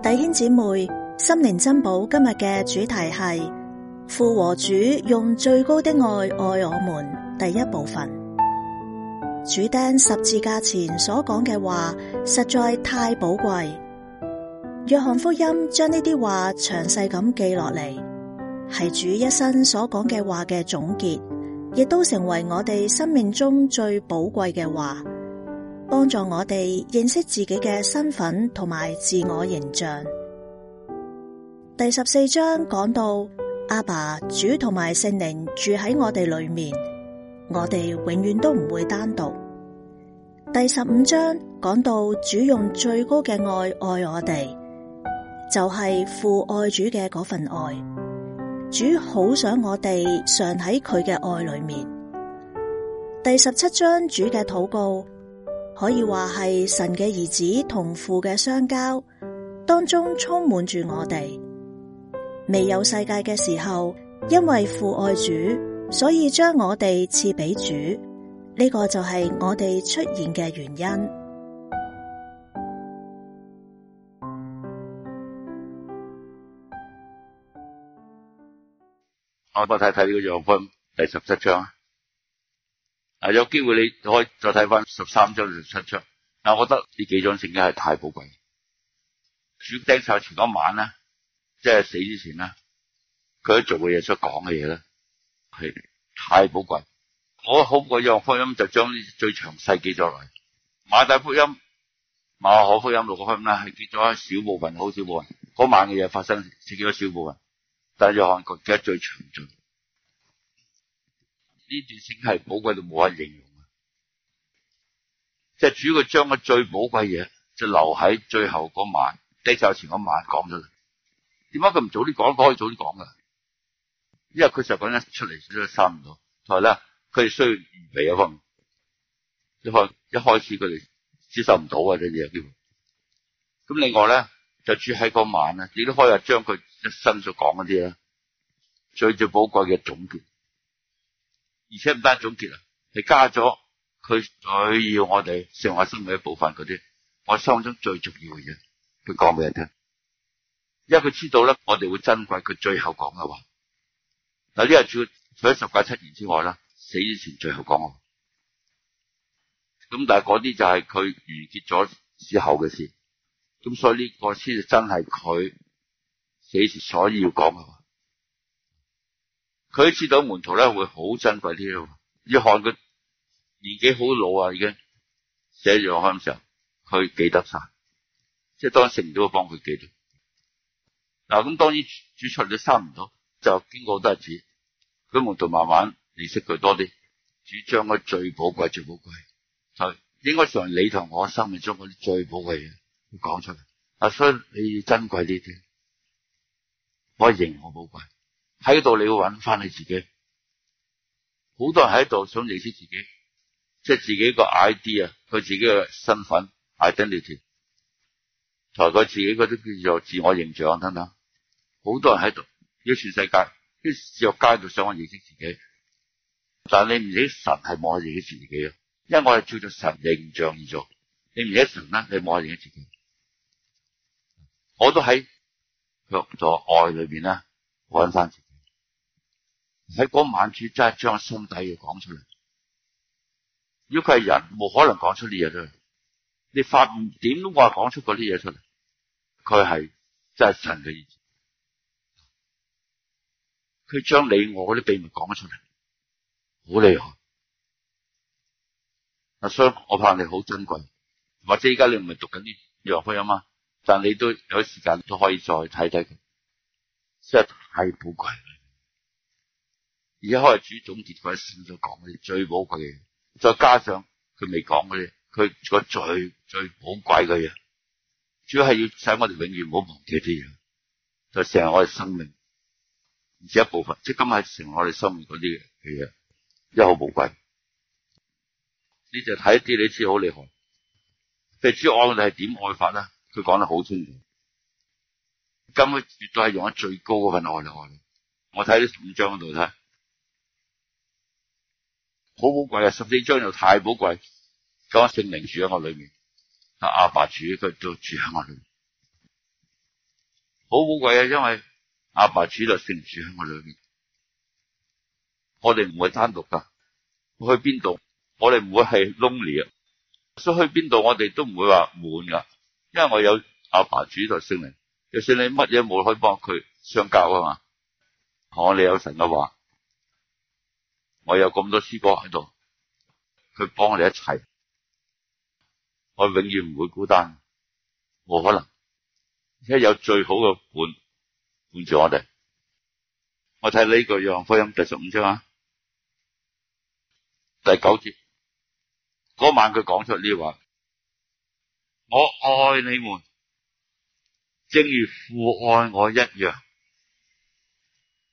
弟兄姊妹，心靈珍寶，今日嘅主題係父和主用最高的愛愛我們，第一部分。主釘十字架前所講嘅話實在太寶貴。約翰福音將呢啲話詳細咁記落嚟，係主一生所講嘅話嘅總結，亦都成為我哋生命中最寶貴嘅話。幫助我哋認識自己嘅身份同埋自我形象。第十四章講到阿爸主同埋聖靈住喺我哋裏面，我哋永遠都唔會單獨。第十五章講到主用最高嘅愛愛我哋，就係父愛主嘅嗰份愛。主好想我哋常喺佢嘅愛裏面。第十七章主嘅禱告。可以話係神嘅兒子同父嘅相交當中，充滿住我哋。未有世界嘅時候，因為父愛主，所以將我哋賜畀主，呢、這個就係我哋出現嘅原因。我哋睇睇呢個約翰第十七章啊。有機會你可以再睇返十三章同七章。我覺得呢幾章聖經係太寶貴。主釘十字架嗰晚咧，即、就、係、是、死之前咧，佢一做嘅嘢、所講嘅嘢呢係太寶貴。好好過《約翰福音》就將呢最詳細記咗落嚟。馬大福音、馬可福音六嗰分呢，係記咗一小部分，好少部分嗰晚嘅嘢發生，只記咗少部分，但係《約翰福音》記得最詳盡。呢段經係寶貴到冇得形容啊！即係主佢將個最寶貴嘢，就留喺最後嗰晚，低壽前嗰晚講咗佢。點解佢唔早啲講？可以早啲講噶，因為佢就講得出嚟，少以生唔到。同埋咧，佢哋需要預備嘅方面，一開一開始佢哋接受唔到啊啲嘢，基本。咁另外咧，就住喺嗰晚咧，亦都可以將佢一生所講嗰啲咧，最最寶貴嘅總結。而且唔單止總結啊，係加咗佢最要我哋上下生活一部分啲，我心目中最重要嘅嘢，佢講俾人聽。因為佢知道咧，我哋會珍貴佢最後講嘅話。嗱，呢個除除咗十誡七言之外啦，死之前最後講的話。嘅咁但係啲就係佢完結咗之後嘅事。咁所以呢個先至真係佢死時所以要講嘅話。佢知道門徒咧會好珍貴啲，約翰佢年紀好老啊，已經寫約翰嘅時候，佢記得晒，即係當成都會幫佢記得。嗱，咁當然主出嚟都差唔多，就經過都係指佢門徒慢慢認識佢多啲，主將佢最寶貴、最寶貴，係應該就係你同我生命中嗰啲最寶貴嘅。佢講出嚟，阿所以你要珍貴啲啲，我認我寶貴。喺度你要搵翻你自己，好多人喺度想認識自己，即係自己個 ID 啊，佢自己嘅身份 identity，同埋佢自己啲叫做自我形象等等。好多人喺度，要全世界，呢街度想我認識自己，但係你唔知神係望我認識自己啊，因為我係照住神形象而做，你唔知神咧，你望認識自己。我都喺佢咗愛裏面咧搵翻。喺嗰晚主真係將心底嘢講出嚟。如果佢係人，冇可能講出呢嘢出嚟。你發唔點都話講出啲嘢出嚟，佢係真係神嘅意思。佢將你我啲秘密講咗出嚟，好厲害。阿雙，我怕你好珍貴，或者依家你唔係讀緊啲《約翰福音》啊嘛，啊，但你都有時間都可以再睇睇佢，真係太寶貴。而家開始主總結佢先所講嗰啲最寶貴嘅嘢，再加上佢未講嗰啲，佢個最最寶貴嘅嘢，主要係要使我哋永遠唔好忘記啲嘢，就成、是、我哋生命而且一部分，即係今日成我哋生命嗰啲嘅嘢，一好寶貴。你就睇啲你知好厲害，佢愛我哋係點愛法咧？佢講得好清楚，根本絕對係用喺最高嗰份愛嚟愛你。我睇十五章嗰度睇。好寶貴啊！十四章又太寶貴，咁聖靈住喺我裏面，阿阿爸主佢都住喺我裏面，好寶貴啊！因為阿爸主就聖靈住喺我裏面，我哋唔會單獨噶，去邊度我哋唔會係 lonely 啊！所以去邊度我哋都唔會話悶噶，因為我有阿爸主就聖靈，就算你乜嘢冇可以幫佢相交啊嘛，我哋有神嘅話。我有咁多師哥喺度，佢幫我哋一齊，我永遠唔會孤單，冇可能，而且有最好嘅伴伴住我哋。我睇呢句約翰福音第十五章啊，第九節，嗰晚佢講出呢話：我愛你們，正如父愛我一樣，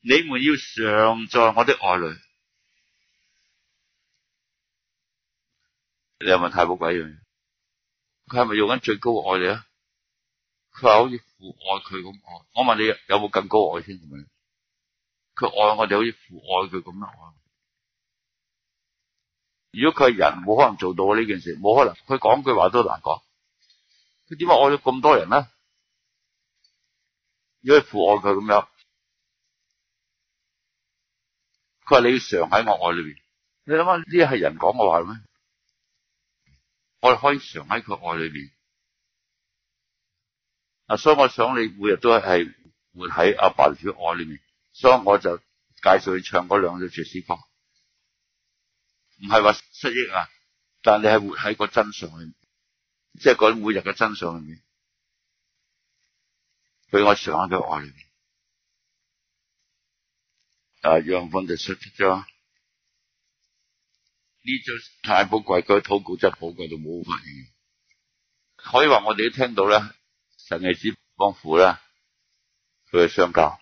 你們要常在我的愛裡。你係咪太好鬼樣？佢係咪用緊最高嘅愛你啊？佢話好似父愛佢咁愛。我問你有冇更高愛先？佢愛我哋好似父愛佢咁樣愛。如果佢係人，冇可能做到呢件事，冇可能。佢講句話都難講。佢點解愛咗咁多人咧？如果父愛佢咁樣，佢話你要常喺我愛裏邊。你諗下呢啲係人講嘅話咩？我可以常喺佢愛裡面，啊，所以我想你每日都係活喺阿爸嘅愛裡面。所以我就介紹你唱嗰兩首詩歌，唔係話失憶啊，但你係活喺個真相裡，即係講每日嘅真相裡面，俾我常喺佢愛裡邊啊，讓分地出咗。呢張太寶貴，佢禱告真寶貴到冇法形容。可以話我哋都聽到咧，神嚟指幫父呢，佢係相交，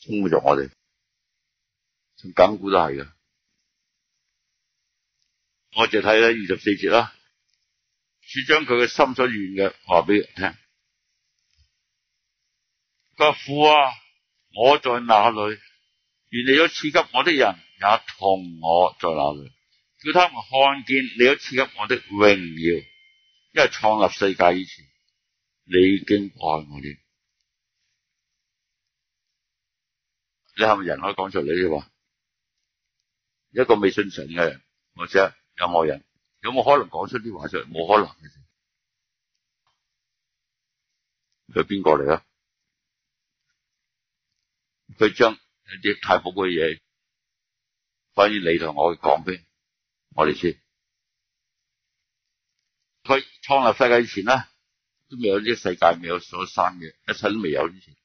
冲咗我哋，緊估都係嘅。我就睇咗二十四節啦,主將佢嘅心所願嘅話俾佢聽。個父啊，我在哪裡？願祢所賜給我的人，也同我在那裡，叫他們看見你都賜給我的榮耀，因為創立世界以前，你已經愛我哋。你係咪人可以講出你啲話？一個未信神嘅人或者任何人，有冇可能講出啲話出嚟？冇可能嘅。佢邊個嚟啊？佢將一啲太寶嘅嘢。所以你同我去講先，我哋先。佢創立世界以前咧，都未有呢個世界，未有所生嘅，一切都未有之前，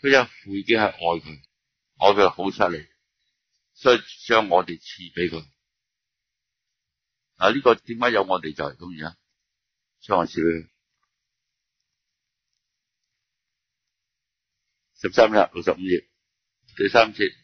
佢一父已經係愛佢，愛佢好犀利，所以將我哋賜俾佢。嗱、這、呢個點解有我哋就係咁樣？《創世佢。十三冊六十五頁第三節。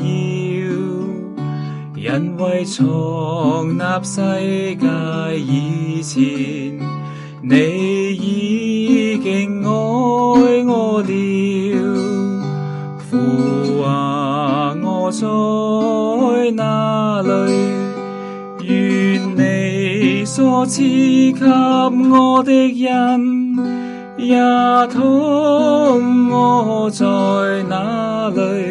因為創立世界以前，你已經愛我了。父啊，我在哪裡，願你所賜給我的人，也同我在那裡。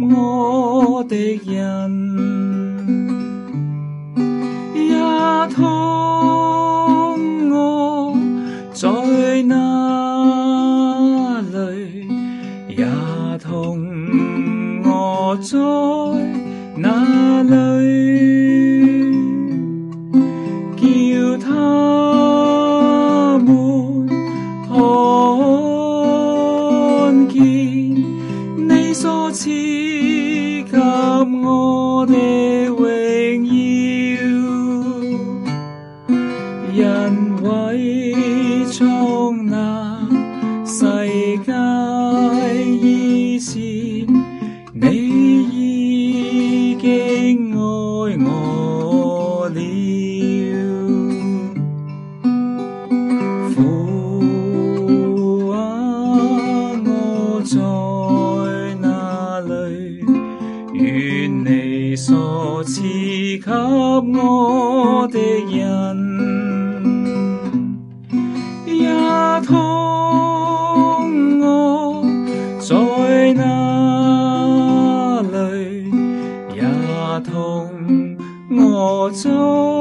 我的人，痛我在哪裡？也同我走。